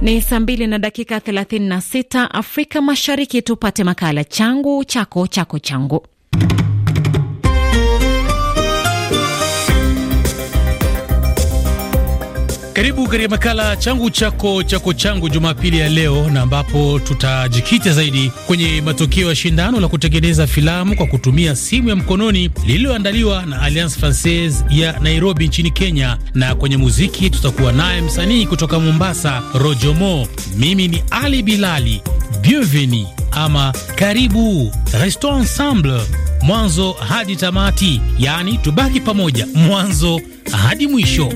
Ni saa mbili na dakika 36 Afrika Mashariki, tupate makala changu chako chako changu. Karibu katika makala changu chako chako changu Jumapili ya leo, na ambapo tutajikita zaidi kwenye matokeo ya shindano la kutengeneza filamu kwa kutumia simu ya mkononi lililoandaliwa na Alliance Francaise ya Nairobi nchini Kenya, na kwenye muziki tutakuwa naye msanii kutoka Mombasa, Rojomo. Mimi ni Ali Bilali. bienveni ama karibu. resto ensemble mwanzo hadi tamati, yaani tubaki pamoja mwanzo hadi mwisho.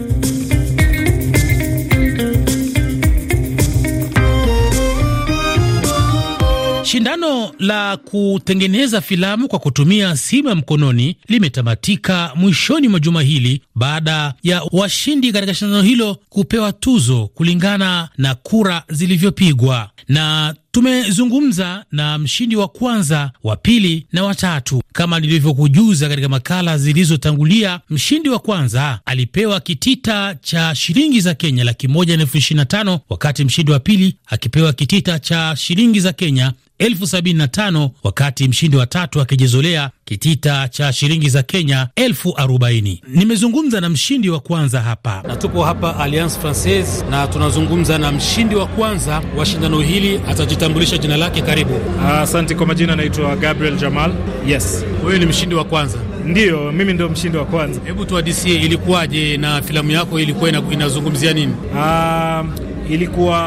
Shindano la kutengeneza filamu kwa kutumia simu ya mkononi limetamatika mwishoni mwa juma hili baada ya washindi katika shindano hilo kupewa tuzo kulingana na kura zilivyopigwa na tumezungumza na mshindi wa kwanza, wa pili na watatu. Kama nilivyokujuza katika makala zilizotangulia, mshindi wa kwanza alipewa kitita cha shilingi za Kenya laki moja na elfu ishirini na tano wakati mshindi wa pili akipewa kitita cha shilingi za Kenya elfu sabini na tano wakati mshindi wa tatu akijizolea kitita cha shilingi za Kenya elfu arobaini. Nimezungumza na mshindi wa kwanza hapa, na tupo hapa Alliance Francaise na tunazungumza na mshindi wa kwanza wa shindano hili, atajitambulisha jina lake. Karibu. Asante. Uh, kwa majina naitwa Gabriel Jamal. Yes, wewe ni mshindi wa kwanza? Ndiyo, mimi ndio mshindi wa kwanza. Hebu tuadisie, ilikuwaje na filamu yako ilikuwa inazungumzia nini? uh, ilikuwa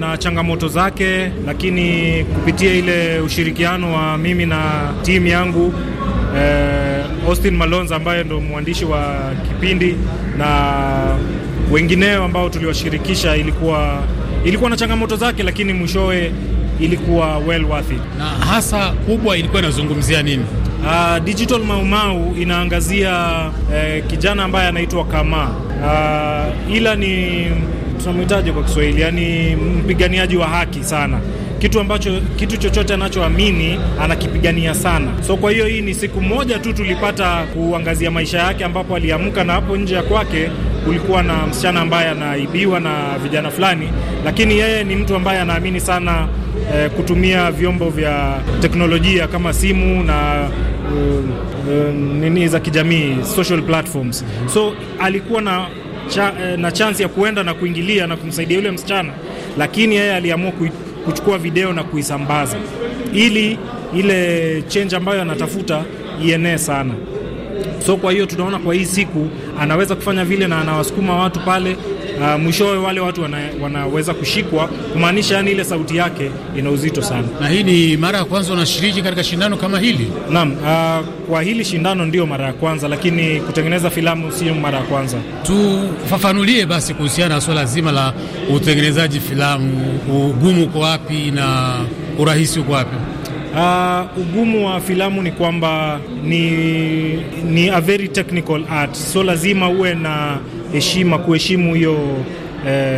na changamoto zake, lakini kupitia ile ushirikiano wa mimi na timu yangu eh, Austin Malonza ambaye ndo mwandishi wa kipindi na wengineo ambao tuliwashirikisha, ilikuwa ilikuwa na changamoto zake, lakini mwishowe ilikuwa well worth it. Na hasa kubwa ilikuwa inazungumzia nini? Uh, Digital Maumau inaangazia eh, kijana ambaye anaitwa Kama uh, ah, ila ni tunamhitaji kwa Kiswahili, yani mpiganiaji wa haki sana kitu ambacho kitu chochote anachoamini anakipigania sana. So kwa hiyo hii ni siku moja tu tulipata kuangazia maisha yake, ambapo aliamka na hapo nje ya kwake kulikuwa na msichana ambaye anaibiwa na vijana fulani, lakini yeye ni mtu ambaye anaamini sana eh, kutumia vyombo vya teknolojia kama simu na uh, uh, nini za kijamii social platforms. So alikuwa na cha, eh, na chance ya kuenda na kuingilia na kumsaidia yule msichana, lakini yeye aliamua kuchukua video na kuisambaza ili ile change ambayo anatafuta ienee sana. So kwa hiyo tunaona kwa hii siku anaweza kufanya vile, na anawasukuma watu pale uh, mwishowe wale watu wana, wanaweza kushikwa, kumaanisha yani ile sauti yake ina uzito sana. Na hii ni mara ya kwanza unashiriki katika shindano kama hili? Naam, uh, kwa hili shindano ndio mara ya kwanza, lakini kutengeneza filamu sio mara ya kwanza. Tufafanulie basi kuhusiana na swala zima la utengenezaji filamu, ugumu uko wapi na urahisi uko wapi? Uh, ugumu wa filamu ni kwamba ni, ni a very technical art, so lazima uwe na heshima, kuheshimu hiyo e,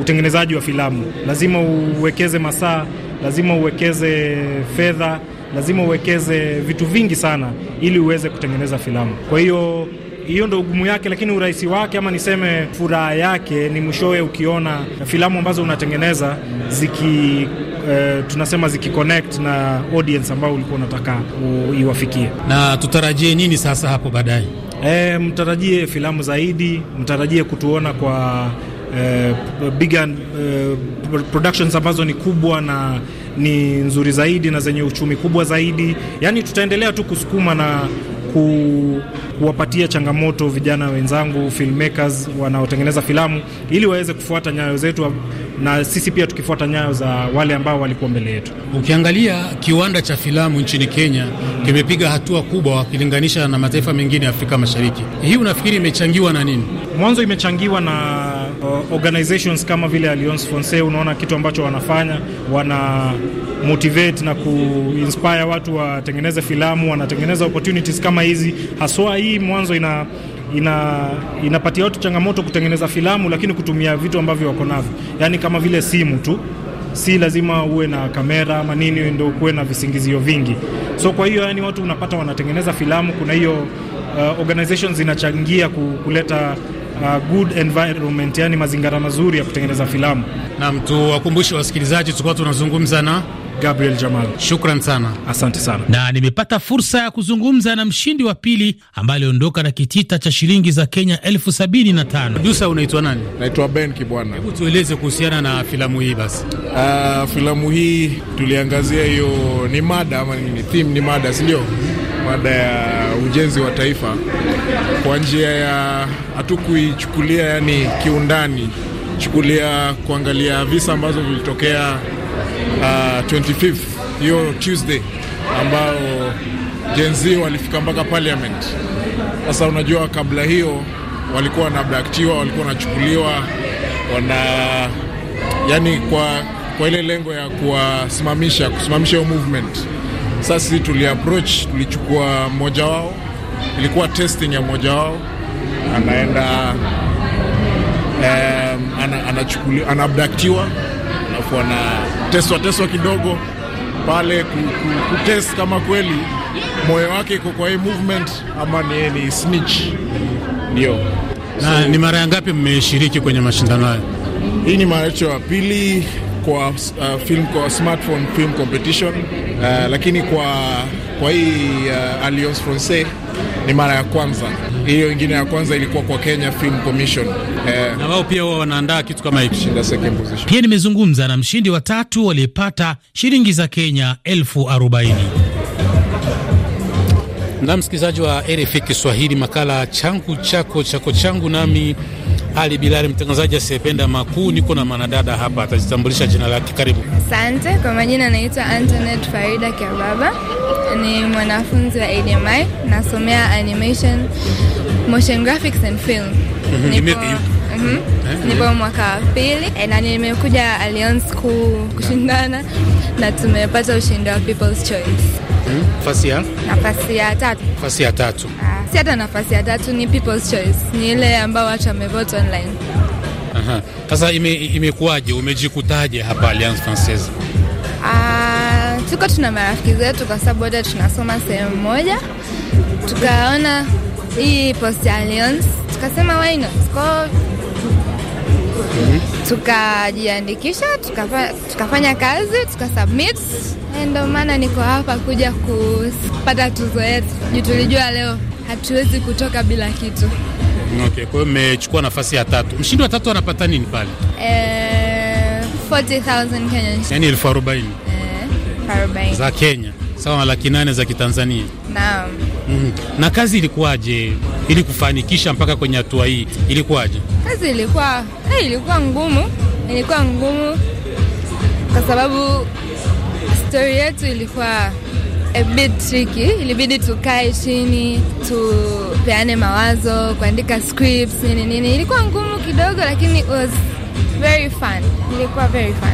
utengenezaji wa filamu. Lazima uwekeze masaa, lazima uwekeze fedha, lazima uwekeze vitu vingi sana ili uweze kutengeneza filamu. Kwa hiyo hiyo ndo ugumu yake, lakini urahisi wake ama niseme furaha yake ni mwishowe ukiona filamu ambazo unatengeneza ziki eh, tunasema zikiconnect na audience ambao ulikuwa unataka iwafikie. Na tutarajie nini sasa hapo baadaye? Eh, mtarajie filamu zaidi, mtarajie kutuona kwa eh, bigger eh, productions ambazo ni kubwa na ni nzuri zaidi na zenye uchumi kubwa zaidi. Yaani tutaendelea tu kusukuma na ku kuwapatia changamoto vijana wenzangu filmmakers wanaotengeneza filamu ili waweze kufuata nyayo zetu na sisi pia tukifuata nyayo za wale ambao walikuwa mbele yetu. Ukiangalia kiwanda cha filamu nchini Kenya kimepiga hatua kubwa wakilinganisha na mataifa mengine ya Afrika Mashariki. Hii unafikiri imechangiwa na nini? Mwanzo imechangiwa na uh, organizations kama vile Alliance Francaise. Unaona kitu ambacho wanafanya, wana motivate na kuinspire watu watengeneze filamu, wanatengeneza opportunities kama hizi haswa hii hii mwanzo ina ina inapatia watu changamoto kutengeneza filamu, lakini kutumia vitu ambavyo wako navyo, yaani kama vile simu tu, si lazima uwe na kamera ama nini ndio kuwe na visingizio vingi. So kwa hiyo, yani watu unapata wanatengeneza filamu. Kuna hiyo uh, organizations zinachangia kuleta uh, good environment, yani mazingira mazuri ya kutengeneza filamu. Naam, wakumbushe wasikilizaji, tulikuwa tunazungumza na Gabriel Jamal. Shukran sana, asante sana. Na nimepata fursa ya kuzungumza na mshindi wa pili ambaye aliondoka na kitita cha shilingi za Kenya elfu sabini na tano. Jusa, unaitwa nani? Naitwa Ben Kibwana. Hebu tueleze kuhusiana na filamu hii basi. Uh, filamu hii tuliangazia hiyo, ni mada ama nini? theme, ni mada sindio? mada ya ujenzi wa taifa kwa njia ya hatukuichukulia yani kiundani, chukulia kuangalia visa ambazo vilitokea uh, 25 hiyo Tuesday ambao jenzi walifika mpaka parliament. Sasa unajua, kabla hiyo walikuwa wanabraktiwa, walikuwa wanachukuliwa wana yani kwa, kwa ile lengo ya kuwasimamisha kusimamisha hiyo movement. Sasa sisi tuliapproach, tulichukua mmoja wao, ilikuwa testing ya mmoja wao anaenda um, anabdaktiwa ana alafu ana kuteswa teswa kidogo pale, kutest kama kweli moyo wake iko kwa hii movement ama ni, ni snitch ndio. Na so, ni mara ya ngapi mmeshiriki kwenye mashindano hayo? Hii ni mara yetu ya pili kwa uh, film kwa smartphone film competition uh, lakini kwa kwa hii uh, Alliance Francaise ni mara ya kwanza hiyo ingine ya kwanza ilikuwa kwa Kenya Film Commission eh, na wao pia wao wanaandaa kitu kama hicho. Pia nimezungumza na mshindi wa tatu aliyepata shilingi za Kenya elfu arobaini. Na msikilizaji wa RFI Kiswahili, makala changu chako chako changu, nami ali Bilali, mtangazaji asiyependa makuu. Niko na mwanadada hapa, atajitambulisha jina lake. Karibu. Asante kwa majina, anaitwa Antoinette Farida Kiababa, ni mwanafunzi wa ADMI, nasomea animation, motion graphics and film. Mhm. Mhm. Eh, Nipo, mwaka wa pili eh, na nimekuja Alliance School kushindana na tumepata ushindi wa People's Choice. Nafasi hmm? ya tatu. Nafasi ya tatu. Ah si hata nafasi ya tatu, ni people's choice, ni ile ambayo watu wamevote online. Sasa imekuwaje, ime umejikutaje hapa Alliance Francaise? Ah, tuko tuna marafiki zetu kwa sababu wote tunasoma sehemu moja, tukaona hii post ya Alliance tukasema why not kwa mhm. tukajiandikisha tukafanya kazi tukasubmit, ndio maana niko hapa kuja kupata tuzo yetu juu tulijua leo hatuwezi kutoka bila kitu. Okay, kwa hiyo mmechukua nafasi ya tatu. Mshindi wa tatu anapata nini pale? Eh, 40,000 Yaani elfu arobaini. Eh, arobaini. Za Kenya. Sawa na laki nane za Kitanzania. Naam. Mm. Na kazi ilikuwaje ili kufanikisha mpaka kwenye hatua hii? Ilikuwaje? Kazi ilikuwa hey, eh, ilikuwa ngumu. Ilikuwa ngumu kwa sababu story yetu ilikuwa a eh, bit tricky. Ilibidi tukae chini tupeane mawazo, kuandika scripts nini nini. Ilikuwa ngumu kidogo, lakini it was very fun. Ilikuwa very fun.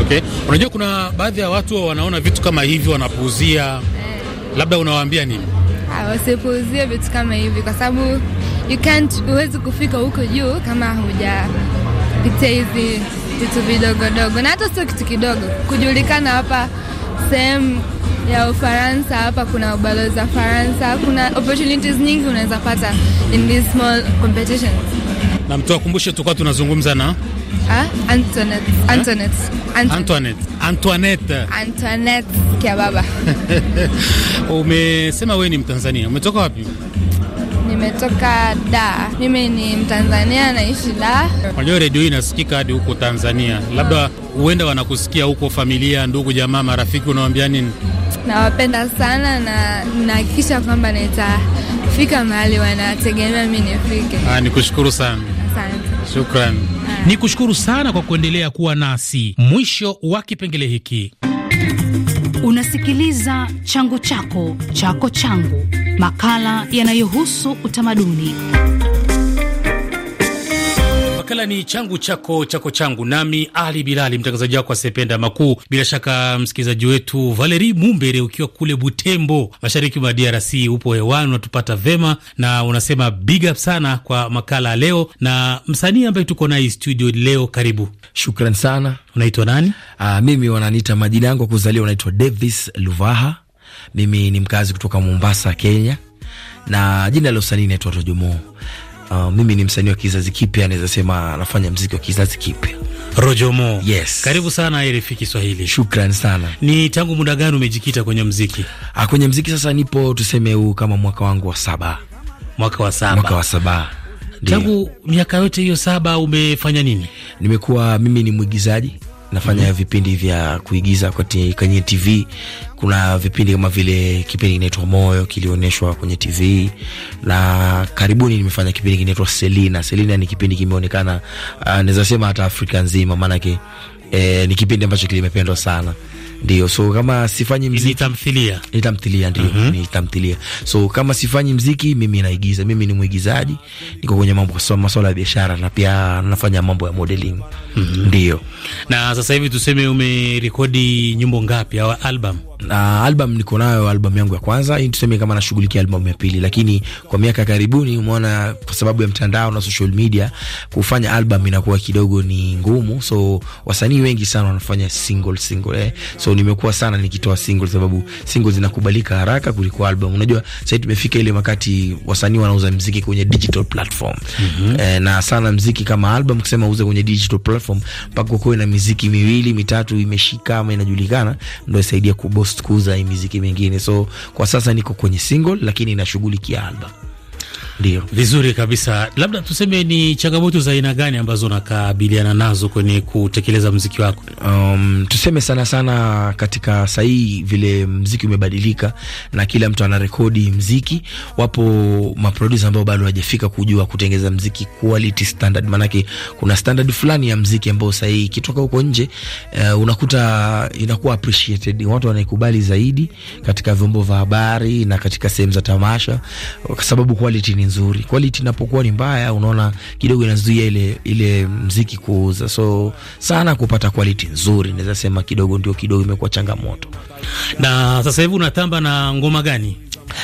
Okay, unajua kuna baadhi ya watu wanaona vitu kama hivi wanapuuzia eh. Labda unawaambia nini? Ah, wasipuuzie vitu kama hivi kwa sababu you can't, huwezi kufika huko juu kama hujapitia hizi vitu vidogodogo, na hata sio kitu kidogo kujulikana hapa sehemu ya Ufaransa hapa kuna ubalozi wa Faransa, kuna opportunities nyingi unaweza pata in this small competition. Na mtu akumbushe, tulikuwa tunazungumza na ah, eh? Antoinette Antoinette Antoinette Umesema wewe ni Mtanzania, umetoka wapi? nimetoka Da. Mimi ni Mtanzania, naishi Da. Unajua redio hii inasikika hadi huko Tanzania, labda huenda wanakusikia huko, familia, ndugu, jamaa, marafiki, unawaambia nini? Nawapenda sana na nahakikisha kwamba nitafika mahali wanategemea mi nifike. Ah, nikushukuru sana, asante. Shukran. Ah. kushukuru sana kwa kuendelea kuwa nasi mwisho wa kipengele hiki. Unasikiliza changu chako chako changu, makala yanayohusu utamaduni. Makala ni changu chako chako changu, nami Ali Bilali, mtangazaji wako asiyependa makuu. Bila shaka msikilizaji wetu Valeri Mumbere, ukiwa kule Butembo, mashariki mwa DRC, upo hewani, unatupata vema na unasema big up sana kwa makala leo na msanii ambaye tuko naye studio leo. Karibu. Shukran sana. Unaitwa nani? Aa, ah, mimi wananiita majina yangu kuzaliwa, unaitwa Davis Luvaha. Mimi ni mkazi kutoka Mombasa, Kenya, na jina la usanii naitwa Rojomoo uh, mimi ni msanii wa kizazi kipya, naweza sema anafanya mziki wa kizazi kipya. Rojomo, yes. Karibu sana RFI Kiswahili. Shukran sana. Ni tangu muda gani umejikita kwenye mziki? Ah, kwenye mziki sasa nipo tuseme huu kama mwaka wangu wa saba. Mwaka wa saba. Mwaka wa saba. Tangu miaka yote hiyo saba umefanya nini? Nimekuwa mimi ni mwigizaji nafanya mm -hmm. vipindi vya kuigiza kwenye TV. Kuna vipindi kama vile kipindi kinaitwa Moyo kilionyeshwa kwenye TV, na karibuni nimefanya kipindi kinaitwa Selina. Selina ni kipindi kimeonekana, uh, naweza sema hata Afrika nzima, maanake eh, ni kipindi ambacho kilimependwa sana. Ndio, so kama sifanyi mziki nitamthilia, nitamthilia ndio, mm -hmm. nitamthilia. So kama sifanyi mziki, mimi naigiza, mimi ni mwigizaji, niko kwenye mambo kwa masuala ya biashara na pia nafanya mambo ya modeling mm -hmm. Ndio. Na sasa hivi tuseme, umerekodi nyimbo ngapi au album? na album niko nayo, album yangu ya kwanza hii, tuseme kama nashughulikia album ya pili, lakini kwa miaka karibuni umeona kwa sababu ya mtandao na social media kufanya album inakuwa kidogo ni ngumu, so wasanii wengi sana wanafanya single single eh. So nimekuwa sana nikitoa single sababu single zinakubalika haraka kuliko album. Unajua sasa tumefika ile wakati wasanii wanauza mziki kwenye digital platform mm -hmm. Eh, na sana mziki kama album kusema uze kwenye digital platform mpaka ukoe na miziki miwili mitatu imeshika ama inajulikana, ndio isaidia kuboss hii miziki mingine. So kwa sasa niko kwenye single, lakini nashughulikia album. Ndio, vizuri kabisa. Labda tuseme ni changamoto za aina gani ambazo unakabiliana nazo kwenye kutekeleza mziki wako? Um, tuseme sana sana katika sahii vile mziki umebadilika na kila mtu anarekodi mziki. Wapo maproducer ambao bado hawajafika kujua kutengeza mziki quality standard, maanake kuna standard fulani ya mziki ambao sahii ikitoka huko nje, uh, unakuta inakuwa appreciated, watu wanaikubali zaidi katika vyombo vya habari na katika sehemu za tamasha, kwa sababu quality ni nzuri. Quality inapokuwa ni mbaya, unaona kidogo inazuia ile ile mziki kuuza. So sana kupata quality nzuri, naweza sema kidogo ndio kidogo imekuwa changamoto. Na sasa hivi unatamba na ngoma gani?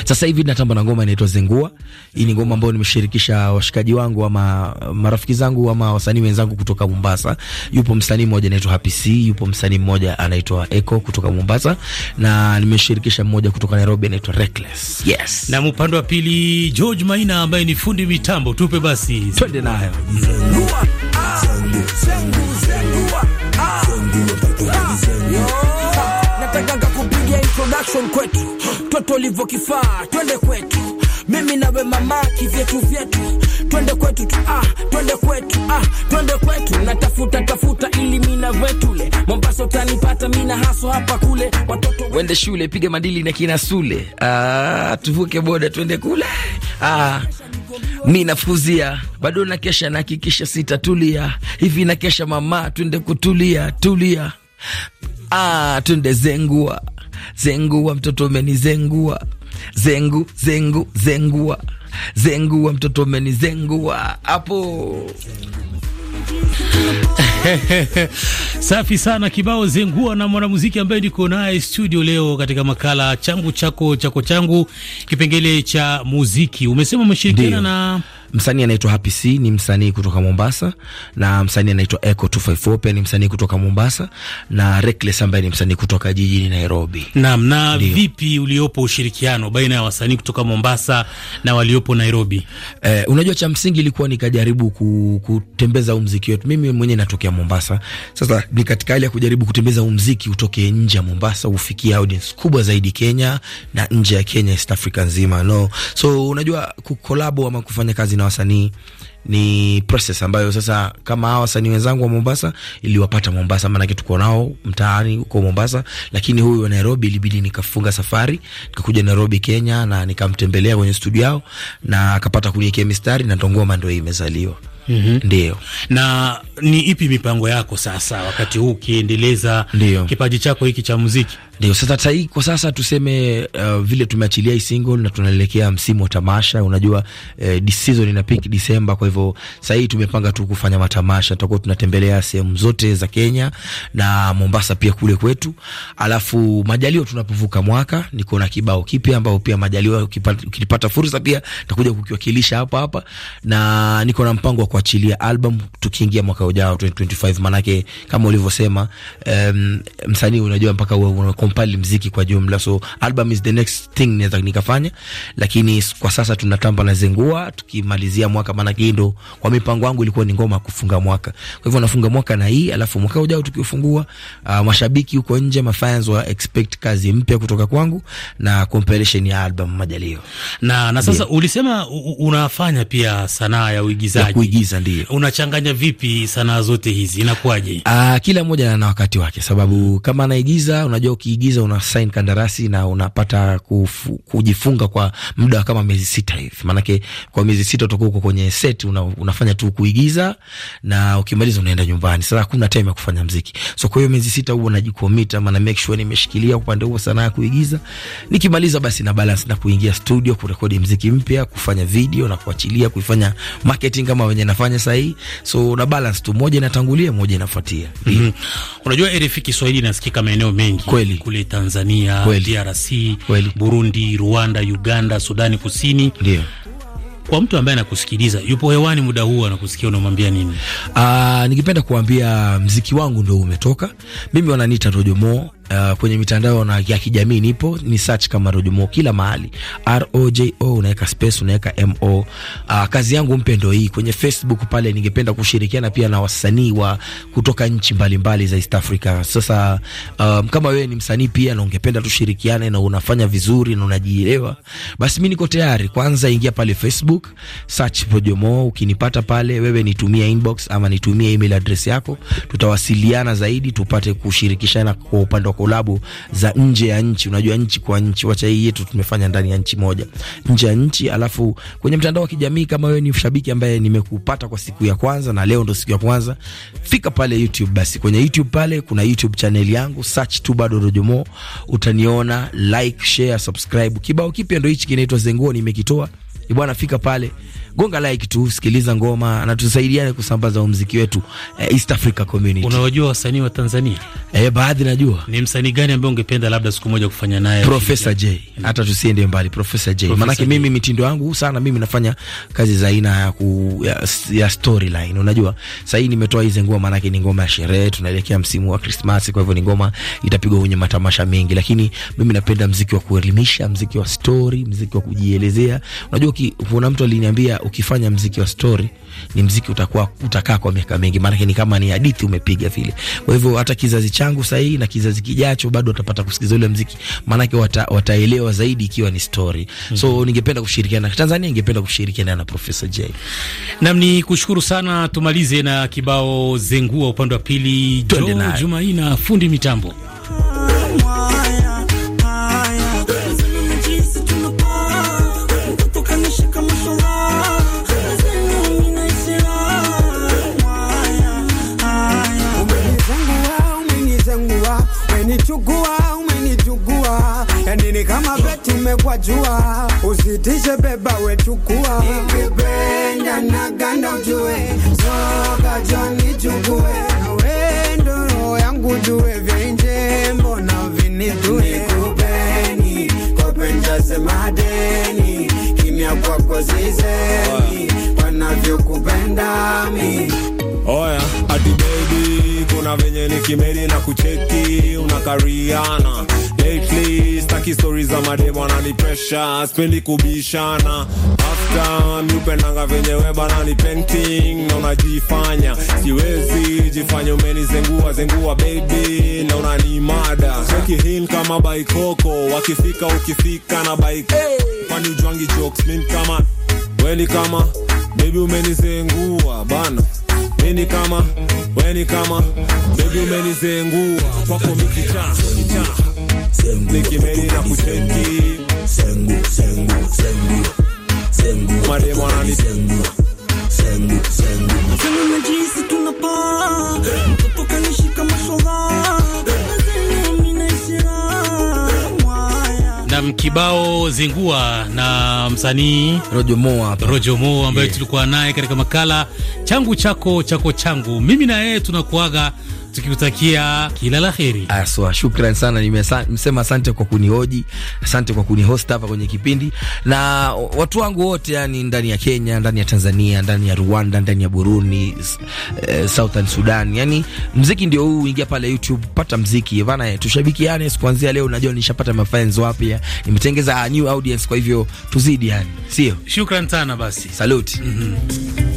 Sasa hivi natamba na ngoma inaitwa Zengua. Hii ni ngoma ambayo nimeshirikisha washikaji wangu ama marafiki zangu ama wasanii wenzangu kutoka Mombasa. Yupo msanii mmoja anaitwa Happy C, yupo msanii mmoja anaitwa Echo kutoka Mombasa na nimeshirikisha mmoja kutoka Nairobi anaitwa Reckless. Yes. Na upande wa pili George Maina ambaye ni fundi mitambo. Tupe basi. Twende nayo. Zengua. Ah, Zengua. Ah, ah, Nataka kukupigia introduction kwetu watoto kifaa. Twende kwetu, mimi nawe mama, kivyetu vyetu, twende kwetu tu, ah, twende kwetu, ah, twende kwetu. Natafuta tafuta ili mina vetule Mombasa utanipata mina haso hapa kule, watoto wende shule, piga madili na kina Sule. Ah, tuvuke boda twende kule, ah mi nafuzia bado na kesha, nahakikisha sitatulia hivi na kesha, mama, twende kutulia tulia, ah, twende zengua zengua, mtoto zengua zengu zengu zengua, zengua, mtoto zengua hapo. Safi sana, kibao zengua na mwanamuziki ambaye niko naye studio leo katika makala changu chako chako changu, kipengele cha muziki. Umesema umeshirikiana na Msanii anaitwa Happy C ni msanii kutoka Mombasa, na msanii anaitwa Echo 254 pia ni msanii kutoka Mombasa, na Reckless ambaye ni msanii kutoka jijini Nairobi. Naam, na Dio. Vipi uliopo ushirikiano baina ya wasanii kutoka Mombasa na waliopo Nairobi? Eh, unajua cha msingi ilikuwa nikajaribu kutembeza kutembeza mziki wetu. Mimi mwenyewe natokea Mombasa. Sasa ni katika hali ya kujaribu kutembeza mziki utoke nje ya Mombasa ufikie audience kubwa zaidi Kenya na nje ya Kenya, East Africa nzima. No. So unajua kukolabo ama kufanya kazi na wasanii ni process ambayo sasa kama hawa wasanii wenzangu wa Mombasa iliwapata Mombasa, maanake tuko nao mtaani huko Mombasa, lakini huyu wa Nairobi ilibidi nikafunga safari nikakuja Nairobi, Kenya, na nikamtembelea kwenye studio yao na akapata kuniekea mistari na Tongoma ndio imezaliwa. Mm -hmm. Ndio. Na ni ipi mipango yako sasa wakati huu ukiendeleza kipaji chako hiki cha muziki? Ndio sasa tai, kwa sasa tuseme uh, vile tumeachilia hii single na tunaelekea msimu wa tamasha. Unajua eh, season ina peak Disemba, kwa hivyo sasa hii tumepanga tu kufanya matamasha. Tutakuwa tunatembelea sehemu zote za Kenya na Mombasa pia kule kwetu, alafu majalio tunapovuka mwaka niko na kibao kipya ambao pia majaliwa ukipata fursa pia nitakuja kukiwakilisha hapa hapa, na niko na mpango wa kuachilia album tukiingia mwaka ujao 2025, manake kama ulivyosema, um, msanii unajua mpaka uwe kukompile mziki kwa jumla, so album is the next thing naweza nikafanya, lakini kwa sasa tunatamba na zengua tukimalizia mwaka, maana kindo kwa mipango yangu ilikuwa ni ngoma kufunga mwaka. Kwa hivyo nafunga mwaka na hii, alafu mwaka ujao tukifungua, uh, mashabiki huko nje mafans wa expect kazi mpya kutoka kwangu na compilation ya album Majalio. Na na sasa ndiyo. Ulisema unafanya pia sanaa ya uigizaji. Ya kuigiza ndio. Unachanganya vipi sanaa zote hizi? Inakuwaje? Ah, uh, kila mmoja ana wakati wake sababu kama anaigiza unajua ukiigiza una sign kandarasi na unapata kufu, kujifunga kwa muda kama miezi sita hivi. Maanake kwa miezi sita utakuwa uko kwenye set una, unafanya tu kuigiza na ukimaliza unaenda nyumbani. Sasa hakuna time ya kufanya mziki. So kwa hiyo miezi sita huwa najicommit ama na make sure nimeshikilia upande huo sana ya kuigiza. Nikimaliza basi na balance na kuingia studio kurekodi mziki mpya, kufanya video na kuachilia kuifanya marketing kama wenye nafanya sasa hii. So na balance tu moja inatangulia moja inafuatia. Mm -hmm. Unajua RFI Kiswahili inasikika maeneo mengi. Kweli kule Tanzania Kweli. DRC Kweli. Burundi, Rwanda, Uganda, Sudani Kusini Ndio. Kwa mtu ambaye anakusikiliza yupo hewani muda huu anakusikia, unamwambia nini? Aa, ah, nikipenda kuambia mziki wangu ndio umetoka. Mimi wananiita Rojomo, Uh, kwenye mitandao na ya kijamii nipo ni search kama Rojomo kila mahali, R O J O, unaweka space unaweka M O. Uh, kazi yangu mpya ndio hii kwenye Facebook pale. Ningependa kushirikiana pia na wasanii wa kutoka nchi mbalimbali za East Africa. Sasa um, kama wewe ni msanii pia na ungependa tushirikiane na unafanya vizuri na unajielewa, basi mimi niko tayari. Kwanza ingia pale Facebook, search Rojomo, ukinipata pale wewe nitumie inbox ama nitumie email address yako, tutawasiliana zaidi tupate kushirikishana kwa upande kolabo za nje ya nchi. Unajua nchi kwa nchi, wacha hii yetu tumefanya ndani ya nchi moja, nje ya nchi. Alafu kwenye mtandao wa kijamii, kama wewe ni shabiki ambaye nimekupata kwa siku ya kwanza na leo ndo siku ya kwanza, fika pale YouTube. Basi kwenye YouTube pale kuna YouTube channel yangu, search tu bado Rojomo, utaniona. Like, share, subscribe. Kibao kipya ndo hichi kinaitwa Zenguo, nimekitoa bwana, fika pale gonga like tu, sikiliza ngoma na tusaidiane kusambaza muziki wetu eh, East Africa Community. Unawajua wasanii wa Tanzania? Eh, baadhi najua. Ni msanii gani ambaye ungependa labda siku moja kufanya naye? Professor J. Hata tusiende mbali, Professor J. Maanake mimi mitindo yangu sana, mimi nafanya kazi za aina ya, ya, ya storyline. Unajua sasa hii nimetoa hizo ngoma, maanake ni ngoma ya sherehe, tunaelekea msimu wa Christmas, kwa hivyo ni ngoma itapigwa kwenye matamasha mengi, lakini mimi napenda mziki wa kuelimisha, mziki wa story, mziki wa kujielezea. Unajua kuna mtu aliniambia ukifanya mziki wa story ni mziki utakuwa utakaa kwa miaka mingi, maanake ni kama ni hadithi umepiga vile. Kwa hivyo hata kizazi changu sahihi na kizazi kijacho bado watapata kusikiza ule mziki, maanake wata, wataelewa zaidi ikiwa ni story So mhm. ningependa kushirikiana Tanzania, ningependa kushirikiana na Profesa J nam. Ni kushukuru sana, tumalize na kibao zengua upande wa pili, Jo Juma hii na fundi mitambo Umenichukua, umenichugua, yani ni kama beti umekwa jua, usitishe beba wechukua, nikipenda na ganda ujue, soka joni chukue, nawe ndo roho yangu jue, vya inje mbona vinitue, nikupeni kopenja semadeni, kimya kwako zizeni, wanavyokupenda mi, oya ati baby kuna venye ni kimeri na kucheki unakariana lately staki stori za mademo ananipresha spendi kubishana after miupendanga venye weba bana ni painting na unajifanya siwezi jifanya umeni zengua zengua baby na unani mada cheki hin kama baikoko wakifika ukifika na baik pani kwani ujwangi jokes min kama weli kama baby, umeni zengua bana nini kama weni kama bebi umenizengua kwako mikicha nikimeli na kucheki mademu wanani tunapaa mtoto kanishika mashodhaa kibao zingua na msanii Rojo Moa Rojo Moa ambaye yeah, tulikuwa naye katika makala changu chako chako changu. Mimi na yeye tunakuaga tukikutakia kila la heri. Aswa, shukran sana, nimesema asante kwa kunihoji, asante kwa kunihost hapa kwenye kipindi, na watu wangu wote, yani ndani ya Kenya, ndani ya Tanzania, ndani ya Rwanda, ndani ya Burundi, eh, Southern Sudan, yani mziki ndio huu. Ingia pale YouTube, pata mziki bana, tushabikiane kuanzia leo. Unajua nishapata mafans wapya, nimetengeza new audience, kwa hivyo tuzidi, yani sio? Shukran sana basi, saluti. mm -hmm.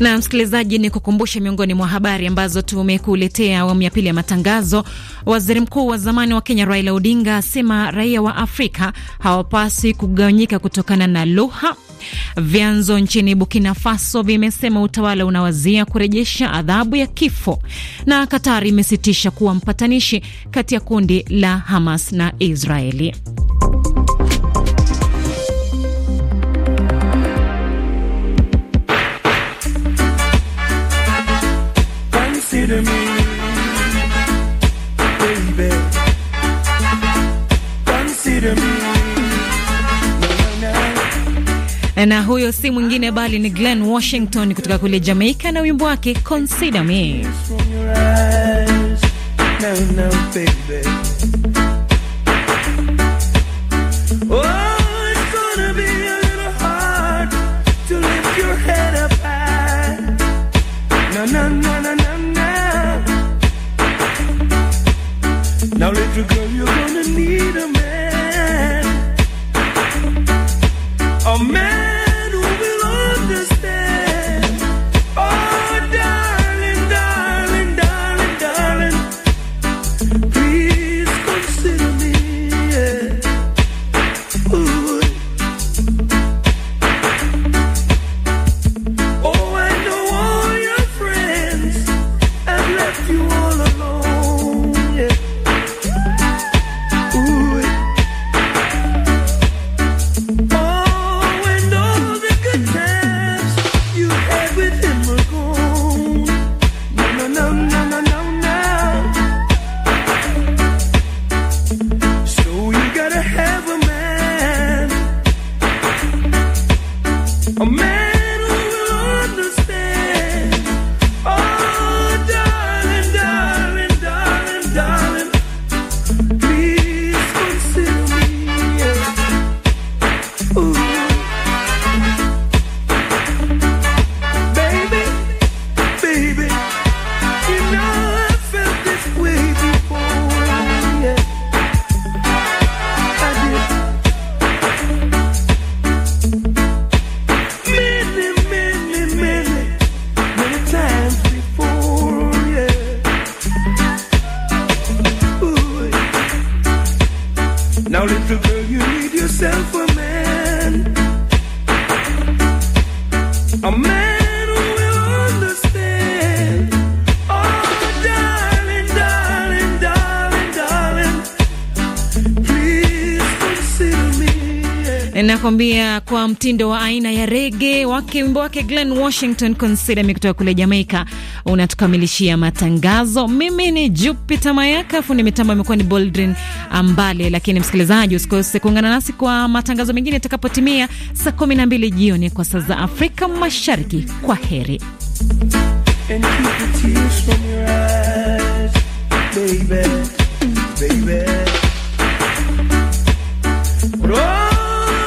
Na msikilizaji, ni kukumbushe miongoni mwa habari ambazo tumekuletea awamu ya pili ya matangazo. Waziri mkuu wa zamani wa Kenya Raila Odinga asema raia wa Afrika hawapaswi kugawanyika kutokana na lugha. Vyanzo nchini Burkina Faso vimesema utawala unawazia kurejesha adhabu ya kifo, na Katari imesitisha kuwa mpatanishi kati ya kundi la Hamas na Israeli. huyo si mwingine bali ni Glen Washington kutoka kule Jamaica na wimbo wake Consider Me. Now, little girl, you're gonna need a man. A man. A man Nakwambia kwa mtindo wa aina ya rege wake wimbo wake Glen Washington Consider Me kutoka kule Jamaika unatukamilishia matangazo. Mimi ni Jupiter Mayaka, fundi mitambo amekuwa ni Boldrin Ambale. Lakini msikilizaji, usikose kuungana nasi kwa matangazo mengine itakapotimia saa 12 jioni kwa saa za Afrika Mashariki. Kwa heri. Baby, baby.